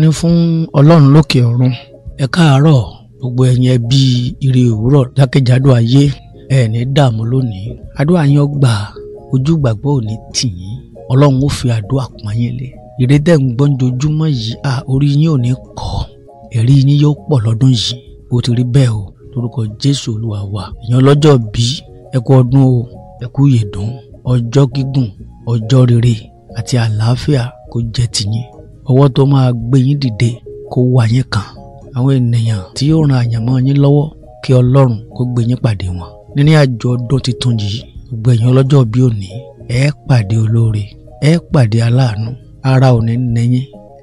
ní fún ọlọ́run lókè ọ̀run ẹ káàárọ̀ gbogbo ẹ̀yin ẹbí ire òwúrọ̀ jákèjádò ayé ẹ ní dààmú lónìí àdúrà yín ọgbà ojú gbàgbọ́ ò ní tì yín ọlọ́run ó fi àdúrà pọ́n yín lé ire tẹ̀ ń gbọ́n jojúmọ́ yìí à orí yín ò ní kọ́ ẹ̀rí yín yóò pọ̀ lọ́dún yìí ó ti rí bẹ́ẹ̀ o lórúkọ jésù olúwa wa èèyàn lọ́jọ́ bí ẹ ọdún o ẹ yèdùn ọjọ́ gígùn ọjọ́ rere àti àlàáfíà kó jẹ́ tìyín ọwọ́ tó máa gbé yín dìde kó wà yín kàn àwọn ènìyàn tí yóò ran àyànmọ́ yín lọ́wọ́ kí ọlọ́run kó gbé yín pàdé wọn Níní àjọ ọdún tuntun yìí gbogbo ọlọ́jọ́ bí òní ẹ pàdé olóore ẹ pàdé aláàánú ara ò nẹyìn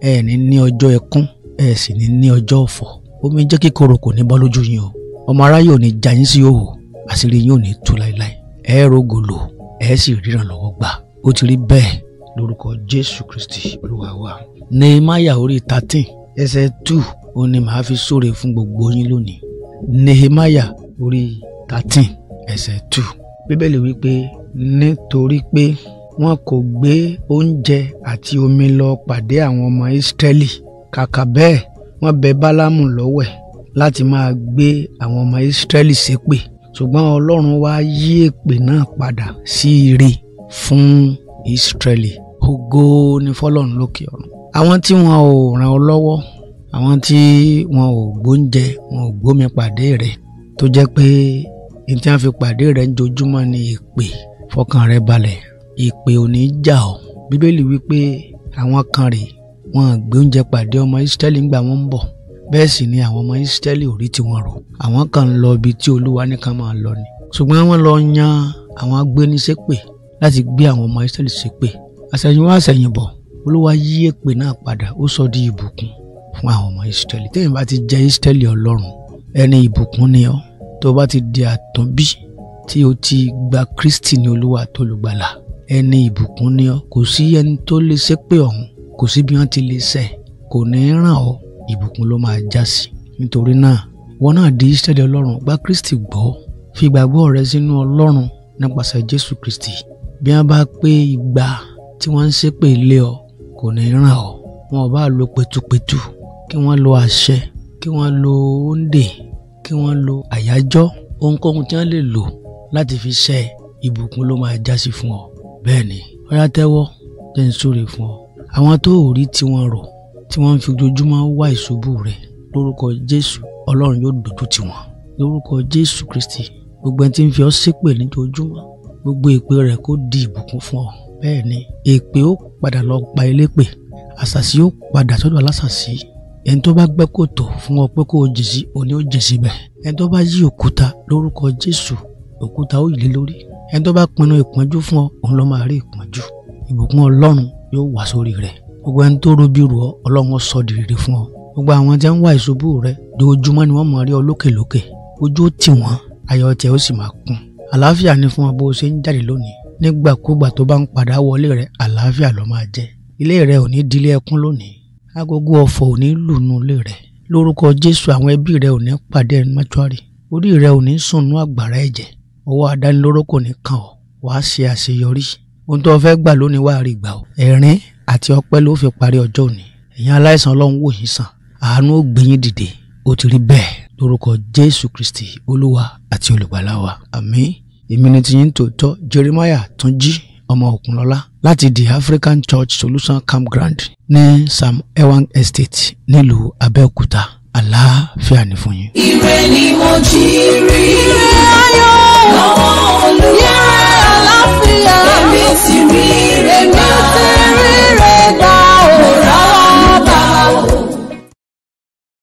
ẹ ní ní ọjọ́ ẹkún ẹ sì ní ní ọjọ́ ọ̀fọ̀ omi jẹ́ kíkorò kò ní lójú o ọmọ aráyé ò ní já yín sí òhò àṣírí yín tú lórúkọ jésù kristi olúwa wa. nehemiah orí thirteen ẹsẹ̀ two òun ni màá fi sóre fún gbogbo yín lónìí nehemiah orí thirteen ẹsẹ̀ two bíbélì wípé nítorí pé wọn kò gbé oúnjẹ àti omi lọ pàdé àwọn ọmọ ìsírẹ́lì kàkà bẹ́ẹ̀ wọ́n bẹ bálámù lọ́wẹ̀ láti máa gbé àwọn ọmọ ìsírẹ́lì ṣépè ṣùgbọ́n ọlọ́run wá yí èpè náà padà sí ire fún ìsírẹ́lì ògo ni fọlọ́run lókè ọ̀run àwọn tí wọn ò ràn ọ́ lọ́wọ́ àwọn tí wọn ò gbóúnjẹ wọn ò gbómi pàdé rẹ tó jẹ́ pé ní tí wọ́n fi pàdé rẹ ńjojúmọ́ ni ìpè fọkàn rẹ balẹ̀ ìpè ò ní jà ọ́ bíbélì wípé àwọn kan rèé wọn gbé oúnjẹ pàdé ọmọ Ísírẹ́lì ńgbà wọn ń bọ̀ bẹ́ẹ̀ sì ni àwọn ọmọ Ísírẹ́lì ò rí tiwọn rò àwọn kan ń lọ ibi tí Olúwa ní kan máa lọ ni ṣùgbọ́n wọ́n lọ yan àwọn agbéniṣépè láti gbé àwọn ọmọ Ísírẹ́lì ṣépè àṣẹ̀yìnwá àṣẹ̀yìnbọ̀ olúwa yí èpè náà padà ó sọ di ìbùkún fún àwọn ọmọ ìsítẹ́lì téèyàn bá ti jẹ́ ìsítẹ́lì ọlọ́run ẹni ìbùkún ni ọ́ tó bá ti di àtúnbí tí o ti gba kristi ní olúwa tó lùgbàlà ẹni ìbùkún ni ọ́ kò sí ẹni tó lè ṣépè ọ̀hún kò sí bí wọ́n ti lè ṣẹ̀ kò ní í ràn ọ́ ìbùkún ló máa já sí nítorí náà wọn náà di ìsítẹ́lì ọlọ́run gba kristi gbọ́ fi ìgbàgbọ́ rẹ sínú ọlọ́run nípasẹ̀ jésù kristi bí wọ́n bá pé igba tí wọ́n ń ṣépè lé ọ kò ní ràn ọ́ wọn ò bá lo pẹ̀tùpẹ̀tù kí wọ́n lo àṣẹ kí wọ́n lo òǹdè kí wọ́n lo àyájọ́ ohunkóhun tí wọ́n lè lò láti fi ṣe ìbùkún ló máa jásí fún ọ bẹ́ẹ̀ ni ọ̀yá tẹ́wọ́ jẹ́ ń súre fún ọ àwọn tó ò rí tiwọn rò tí wọ́n ń fi ojoojúmọ́ wá ìṣubú rẹ̀ lórúkọ Jésù Ọlọ́run yóò dojú tiwọn lórúkọ Jésù Kristi gbogbo ẹni tí ń fi ọ ṣépè nítorí ojúmọ́ gbogbo ìpè rẹ̀ kó di ìbùkún fún ọ bẹ́ẹ̀ ni èpè ó padà lọ gba elépè àṣàṣì ó padà sọ́dọ̀ alásàṣì ẹni tó bá gbẹ́ kòtò fún ọ pé kó o jìn sí òní ó jìn síbẹ̀ ẹni tó bá yí òkúta lórúkọ Jésù òkúta ó yìí lórí ẹni tó bá pinnu ìpọ́njú fún ọ òun ló máa rí ìpọ́njú ìbùkún Ọlọ́run yóò wá sórí rẹ gbogbo ẹni tó robi rò ọ Ọlọ́run sọ di rere fún ọ gbogbo àwọn tí ń wá ìṣubú rẹ dojúmọ́ ni wọ́n mọ̀ rí ọ lókèlókè ojú ó tì wọ́n ayọ̀ tẹ̀ ó sì máa kún àlàáfíà ni fún ọ bó o ṣe ń jáde lónìí nígbàkúgbà tó bá ń padà wọlé rẹ àlàáfíà ló máa jẹ ilé rẹ ò ní dilé ẹkún lónìí agogo ọ̀fọ̀ ò ní lùnú ilé rẹ lórúkọ jésù àwọn ẹbí rẹ ò ní pàdé mọ́túárì orí rẹ ò ní sùnú àgbàrá ẹ̀jẹ̀ ọwọ́ adánilóró kò ní kàn ọ́ wàá ṣe àṣeyọrí ohun tó fẹ́ gbà lónìí wàá rí gbà ọ́ ẹ̀rín àti ọpẹ́ ló fi parí ọjọ́ òní ẹ̀yin aláìsàn ọlọ́run wò yín sàn àánú ó dìde ó ti rí bẹ́ẹ̀ lórúkọ jésù kristi olúwa àti olùgbàlà wa àmín èmi ni tiyín tòótọ́ Jeremiah Túnjí ọmọ Òkúnlọ́lá láti the African Church Solution camp ground ní Sam Ewang Estate nílùú Abẹ́òkúta àlàáfíà ní fún yín. ire ni mo jí rí rẹ́.